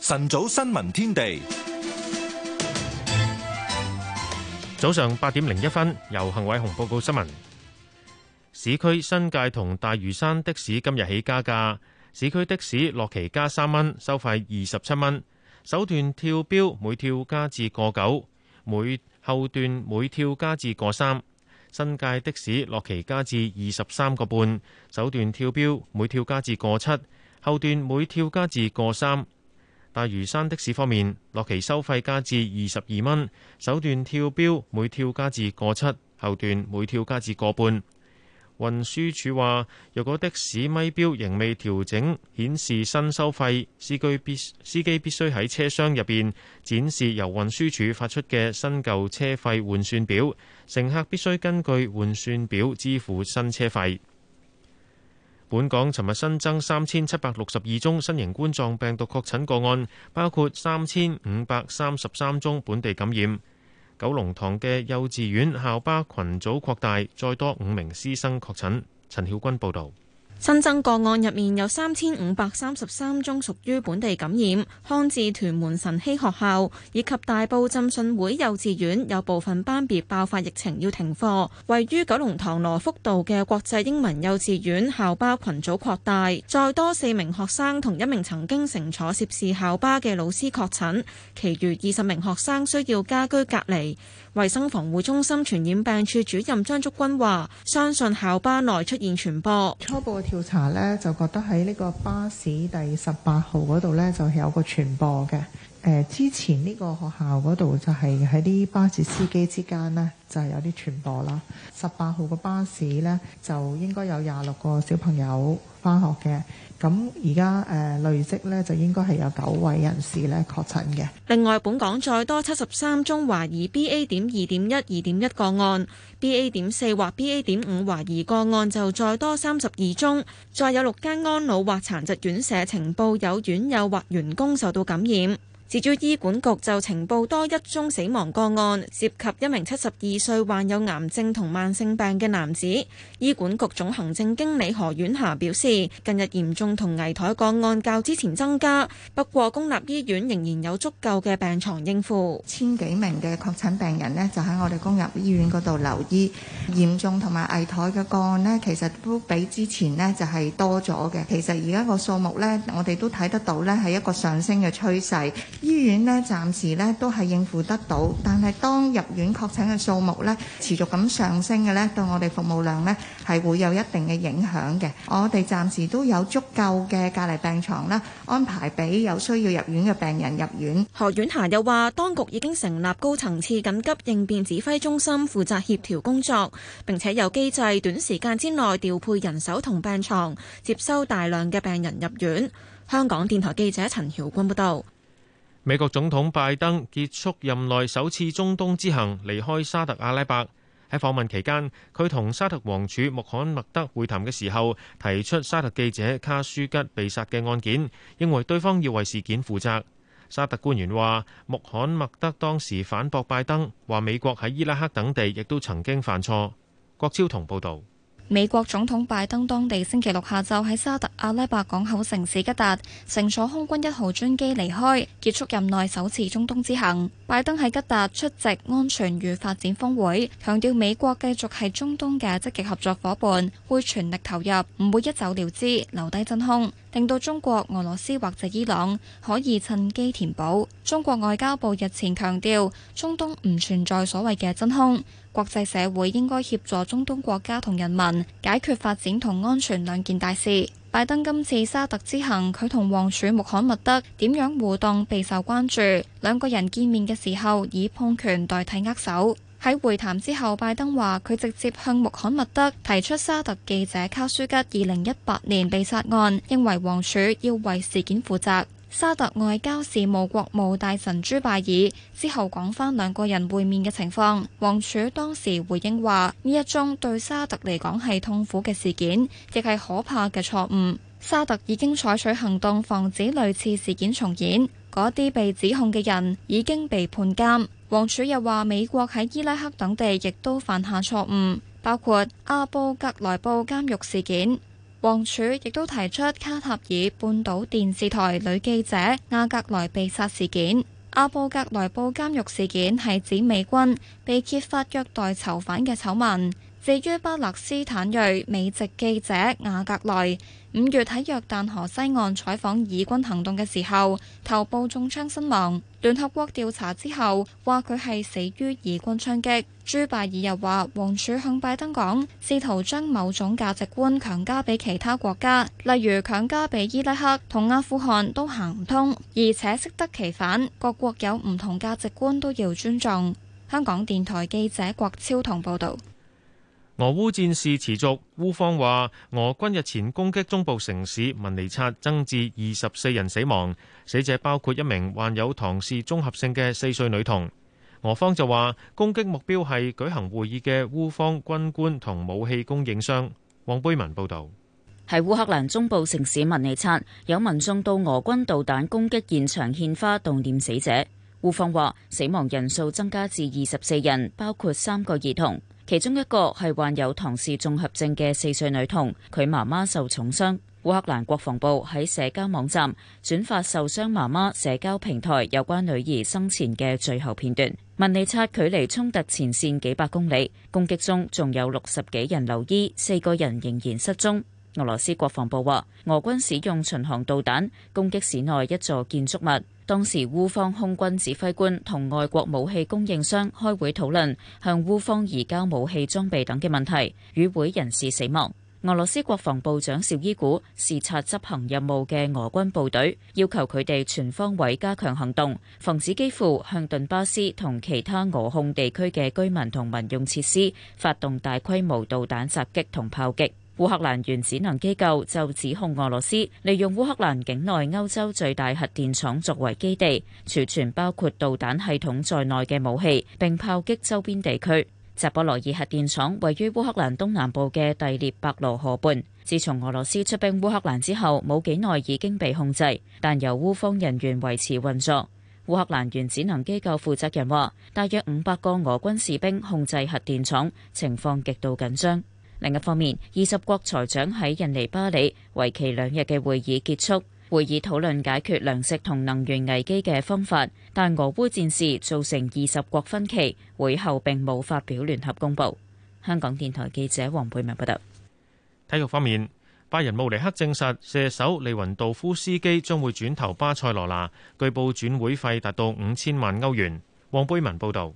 晨早新聞天地，早上八點零一分，由彭偉雄報告新聞。市區新界同大嶼山的士今日起加價，市區的士落旗加三蚊，收費二十七蚊，首段跳標每跳加至個九，每後段每跳加至個三。新界的士落旗加至二十三個半，首段跳標每跳加至個七，後段每跳加至個三。大嶼山的士方面，落期收費加至二十二蚊，首段跳標每跳加至個七，後段每跳加至個半。運輸署話，若果的士咪標仍未調整顯示新收費，司機必司機必須喺車廂入邊展示由運輸署發出嘅新舊車費換算表，乘客必須根據換算表支付新車費。本港尋日新增三千七百六十二宗新型冠狀病毒確診個案，包括三千五百三十三宗本地感染。九龍塘嘅幼稚園校巴群組擴大，再多五名師生確診。陳曉君報導。新增個案入面有三千五百三十三宗屬於本地感染，康治屯門晨曦學校以及大埔浸信會幼稚園有部分班別爆發疫情要停課，位於九龍塘羅福道嘅國際英文幼稚園校巴群組擴大，再多四名學生同一名曾經乘坐涉事校巴嘅老師確診，其餘二十名學生需要家居隔離。衛生防護中心傳染病處主任張竹君話：相信校巴內出現傳播。初步嘅調查呢，就覺得喺呢個巴士第十八號嗰度呢，就係有個傳播嘅。之前呢個學校嗰度就係喺啲巴士司機之間呢，就係、是、有啲傳播啦。十八號嘅巴士呢，就應該有廿六個小朋友翻學嘅。咁而家誒累積呢，就應該係有九位人士呢確診嘅。另外，本港再多七十三宗懷疑 B A 點二點一、二點一個案，B A 點四或 B A 點五懷疑個案就再多三十二宗。再有六間安老或殘疾院舍呈報有院友或員工受到感染。至於醫管局就呈報多一宗死亡個案，涉及一名七十二歲患有癌症同慢性病嘅男子。醫管局總行政經理何婉霞表示，近日嚴重同危殆個案較之前增加，不過公立醫院仍然有足夠嘅病床應付。千幾名嘅確診病人呢，就喺我哋公立醫院嗰度留醫。嚴重同埋危殆嘅個案呢，其實都比之前呢就係多咗嘅。其實而家個數目呢，我哋都睇得到呢係一個上升嘅趨勢。醫院咧，暫時咧都係應付得到，但係當入院確診嘅數目咧持續咁上升嘅咧，對我哋服務量咧係會有一定嘅影響嘅。我哋暫時都有足夠嘅隔離病牀咧，安排俾有需要入院嘅病人入院。何婉霞又話，當局已經成立高層次緊急應變指揮中心，負責協調工作，並且有機制短時間之內調配人手同病牀，接收大量嘅病人入院。香港電台記者陳曉君報道。美國總統拜登結束任內首次中東之行，離開沙特阿拉伯。喺訪問期間，佢同沙特王儲穆罕默德會談嘅時候，提出沙特記者卡舒吉被殺嘅案件，認為對方要為事件負責。沙特官員話：穆罕默德當時反駁拜登，話美國喺伊拉克等地亦都曾經犯錯。郭超同報導。美國總統拜登當地星期六下晝喺沙特阿拉伯港口城市吉達乘坐空軍一號專機離開，結束任內首次中東之行。拜登喺吉達出席安全與發展峰會，強調美國繼續係中東嘅積極合作夥伴，會全力投入，唔會一走了之，留低真空。令到中國、俄羅斯或者伊朗可以趁機填補。中國外交部日前強調，中東唔存在所謂嘅真空，國際社會應該協助中東國家同人民解決發展同安全兩件大事。拜登今次沙特之行，佢同王儲穆罕默德點樣互動備受關注。兩個人見面嘅時候，以碰拳代替握手。喺會談之後，拜登話，佢直接向穆罕默德提出沙特記者卡舒吉二零一八年被殺案，認為王儲要為事件負責。沙特外交事務國務大臣朱拜爾之後講翻兩個人會面嘅情況，王儲當時回應話，呢一宗對沙特嚟講，係痛苦嘅事件，亦係可怕嘅錯誤，沙特已經採取行動防止類似事件重演，嗰啲被指控嘅人已經被判監。王儲又話：美國喺伊拉克等地亦都犯下錯誤，包括阿布格萊布監獄事件。王儲亦都提出卡塔爾半島電視台女記者阿格萊被殺事件。阿布格萊布監獄事件係指美軍被揭發虐待囚犯嘅醜聞。至於巴勒斯坦裔美籍記者雅格萊，五月喺約旦河西岸採訪以軍行動嘅時候，頭部中槍身亡。聯合國調查之後話佢係死於以軍槍擊。朱拜爾又話，王儲向拜登講，試圖將某種價值觀強加俾其他國家，例如強加俾伊拉克同阿富汗都行唔通，而且適得其反。各國有唔同價值觀都要尊重。香港電台記者郭超同報道。俄烏戰事持續，烏方話俄軍日前攻擊中部城市文尼察，增至二十四人死亡，死者包括一名患有唐氏綜合症嘅四歲女童。俄方就話攻擊目標係舉行會議嘅烏方軍官同武器供應商。黃貝文報導。喺烏克蘭中部城市文尼察，有民眾到俄軍導彈攻擊現場獻花悼念死者。烏方話死亡人數增加至二十四人，包括三個兒童。其中一個係患有唐氏綜合症嘅四歲女童，佢媽媽受重傷。烏克蘭國防部喺社交網站轉發受傷媽媽社交平台有關女兒生前嘅最後片段。文尼察距離衝突前線幾百公里，攻擊中仲有六十幾人留醫，四個人仍然失蹤。俄羅斯國防部話，俄軍使用巡航導彈攻擊市內一座建築物。當時烏方空軍指揮官同外國武器供應商開會討論向烏方移交武器裝備等嘅問題，與會人士死亡。俄羅斯國防部長紹伊古視察執行任務嘅俄軍部隊，要求佢哋全方位加強行動，防止基輔向頓巴斯同其他俄控地區嘅居民同民用設施發動大規模導彈襲擊同炮擊。烏克蘭原子能機構就指控俄羅斯利用烏克蘭境內歐洲最大核電廠作為基地，儲存包括導彈系統在內嘅武器，並炮擊周邊地區。扎波羅熱核電廠位於烏克蘭東南部嘅第列伯羅河畔。自從俄羅斯出兵烏克蘭之後，冇幾耐已經被控制，但由烏方人員維持運作。烏克蘭原子能機構負責人話，大約五百個俄軍士兵控制核電廠，情況極度緊張。另一方面，二十國財長喺印尼巴里為期兩日嘅會議結束，會議討論解決糧食同能源危機嘅方法，但俄烏戰事造成二十國分歧，會後並冇發表聯合公報。香港電台記者黃佩文報道。體育方面，拜仁慕尼黑證實射手利雲道夫斯基將會轉投巴塞羅那，據報轉會費達到五千萬歐元。黃佩文報道。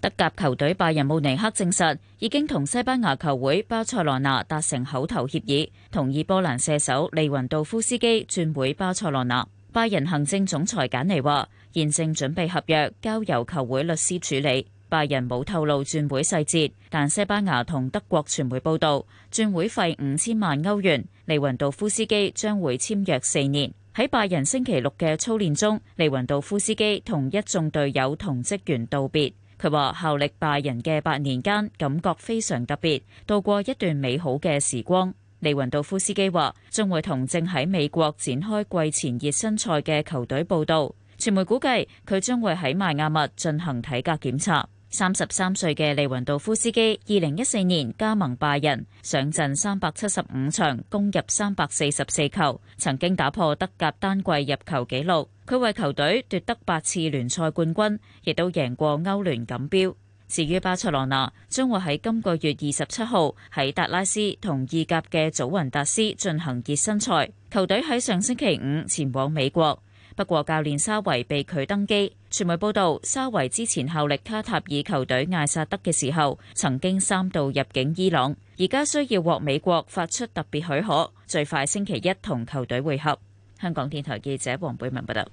德甲球隊拜仁慕尼黑證實已經同西班牙球會巴塞羅那達成口頭協議，同意波蘭射手利雲道夫斯基轉會巴塞羅那。拜仁行政總裁簡尼話：現正準備合約，交由球會律師處理。拜仁冇透露轉會細節，但西班牙同德國傳媒報道轉會費五千萬歐元，利雲道夫斯基將會簽約四年。喺拜仁星期六嘅操練中，利雲道夫斯基同一眾隊友同職員道別。佢話效力拜仁嘅八年間，感覺非常特別，度過一段美好嘅時光。利雲道夫斯基話將會同正喺美國展開季前熱身賽嘅球隊報到。傳媒估計佢將會喺邁阿密進行體格檢查。三十三歲嘅利雲道夫斯基，二零一四年加盟拜仁，上陣三百七十五場，攻入三百四十四球，曾經打破德甲單季入球紀錄。佢為球隊奪得八次聯賽冠軍，亦都贏過歐聯錦標。至於巴塞羅那，將會喺今個月二十七號喺達拉斯同意甲嘅祖雲達斯進行熱身賽，球隊喺上星期五前往美國。不過教練，教練沙維被拒登機。傳媒報道，沙維之前效力卡塔爾球隊艾薩德嘅時候，曾經三度入境伊朗，而家需要獲美國發出特別許可，最快星期一同球隊會合。香港電台記者黃貝文報道。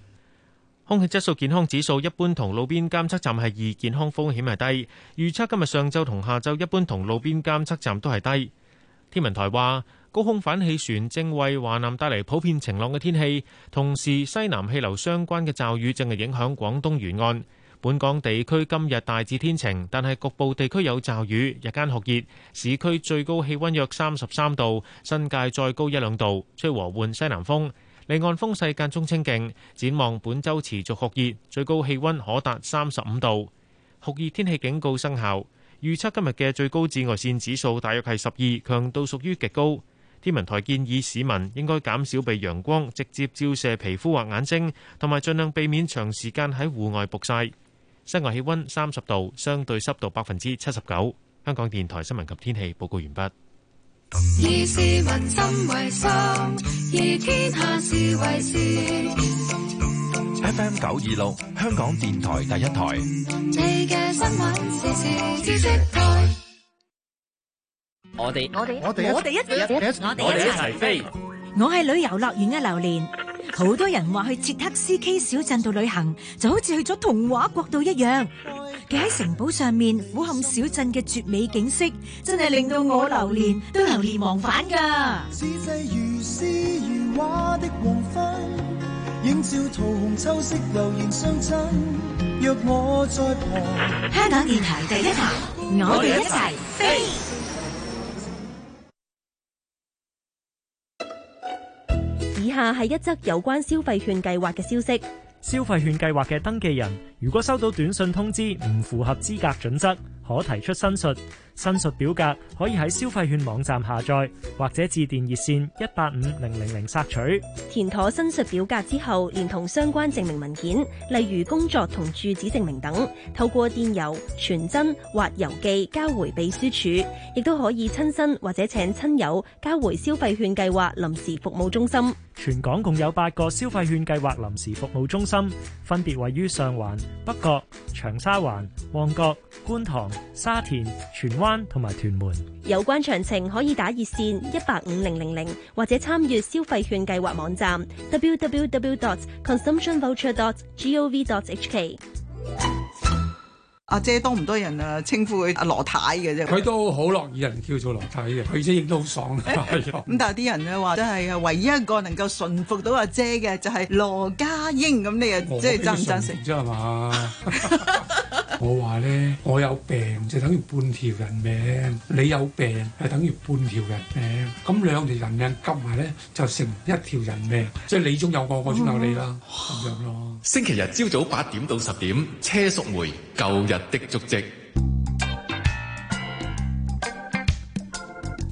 空氣質素健康指數一般同路邊監測站係二，健康風險係低。預測今日上晝同下晝一般同路邊監測站都係低。天文台話。高空反氣旋正為華南帶嚟普遍晴朗嘅天氣，同時西南氣流相關嘅驟雨正係影響廣東沿岸。本港地區今日大致天晴，但係局部地區有驟雨。日間酷熱，市區最高氣溫約三十三度，新界再高一兩度。吹和緩西南風，離岸風勢間中清勁。展望本周持續酷熱，最高氣溫可達三十五度。酷熱天氣警告生效，預測今日嘅最高紫外線指數大約係十二，強度屬於極高。天文台建議市民應該減少被陽光直接照射皮膚或眼睛，同埋盡量避免長時間喺戶外曝曬。室外氣温三十度，相對濕度百分之七十九。香港電台新聞及天氣報告完畢。以市民心為心，以天下事為事。 FM 九二六，香港電台第一台。 我哋我哋我哋我哋一我哋一我哋一齊飛，我係旅遊樂園嘅流連。好多人話去捷克 CK 小鎮度旅行，就好似去咗童話國度一樣。企喺城堡上面俯瞰小鎮嘅絕美景色，真係令到我流連，都流連忘返噶。如詩如畫的黃昏，映照桃紅秋色，悠然相襯若我在旁。香港電台第一台，我哋一齊飛。下係一則有關消費券計劃嘅消息。消費券計劃嘅登記人。如果收到短信通知唔符合資格準則，可提出申述。申述表格可以喺消費券網站下載，或者致電熱線一八五零零零索取。填妥申述表格之後，連同相關證明文件，例如工作同住址證明等，透過電郵、傳真或郵寄交回秘書處，亦都可以親身或者請親友交回消費券計劃臨時服務中心。全港共有八個消費券計劃臨時服務中心，分別位於上環。北角、長沙灣、旺角、觀塘、沙田、荃灣同埋屯門，有關詳情，可以打熱線一八五零零零或者參與消費券計劃網站 w w w. consumption v o u c h e r d o t g o v. d o t h k。阿姐多唔多人啊？稱呼佢阿羅太嘅啫，佢都好樂意人叫做羅太嘅，佢即係亦都好爽。係啊，咁但係啲人咧話，真係啊，唯一一個能夠馴服到阿姐嘅就係羅家英咁，你又、哦、即係贊唔贊成啫？係嘛。 我話咧，我有病就等於半條人命，你有病係等於半條人命，咁兩條人命夾埋咧就成一條人命，即係你中有我，我中有你啦咁、嗯、 樣咯。星期日朝早八點到十點，車淑梅《舊日的足跡》。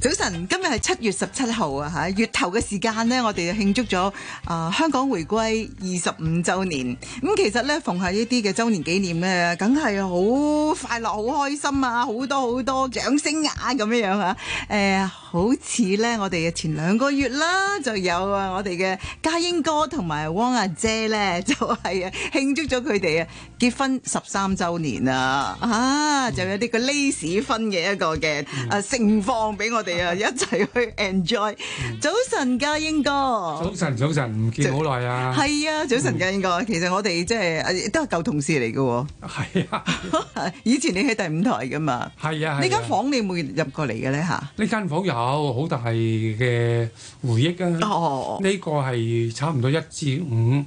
早晨，今日係七月十七號啊吓，月頭嘅時間咧，我哋就慶祝咗啊、呃、香港回歸二十五周年。咁其實咧，逢喺呢啲嘅周年紀念咧，梗係好快樂、好開心啊！好多好多掌聲啊，咁樣樣啊。誒、呃，好似咧，我哋嘅前兩個月啦，就有啊我哋嘅家英哥同埋汪阿姐咧，就係啊慶祝咗佢哋啊結婚十三周年啊啊，嗯、就有啲個 lace 婚嘅一個嘅誒盛況俾我哋。啊，一齊去 enjoy。早晨，家英哥。早晨，早晨，唔見好耐啊。係啊，早晨，家英哥。其實我哋即係都係舊同事嚟嘅喎。係啊， 以前你喺第五台㗎嘛。係啊，啊啊，呢間房你冇入過嚟嘅咧嚇。呢間房有，好大嘅回憶啊。哦。呢個係差唔多一至五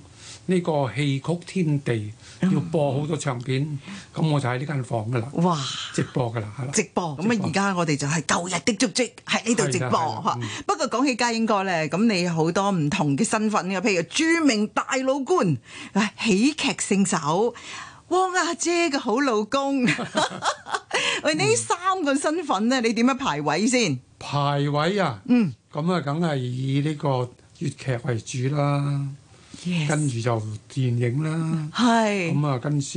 呢個戲曲天地。要播好多唱片，咁、嗯、我就喺呢間房噶啦。哇！直播噶啦，係啦。直播咁啊！而家我哋就係舊日的足跡喺呢度直播。不過講起嘉英哥咧，咁你好多唔同嘅身份嘅，譬如著名大老官、喜劇聖手、汪阿姐嘅好老公。喂，呢三個身份咧，你點樣排位先？排位啊？嗯，咁啊，梗係以呢個粵劇為主啦。跟住就電影啦，咁啊跟住。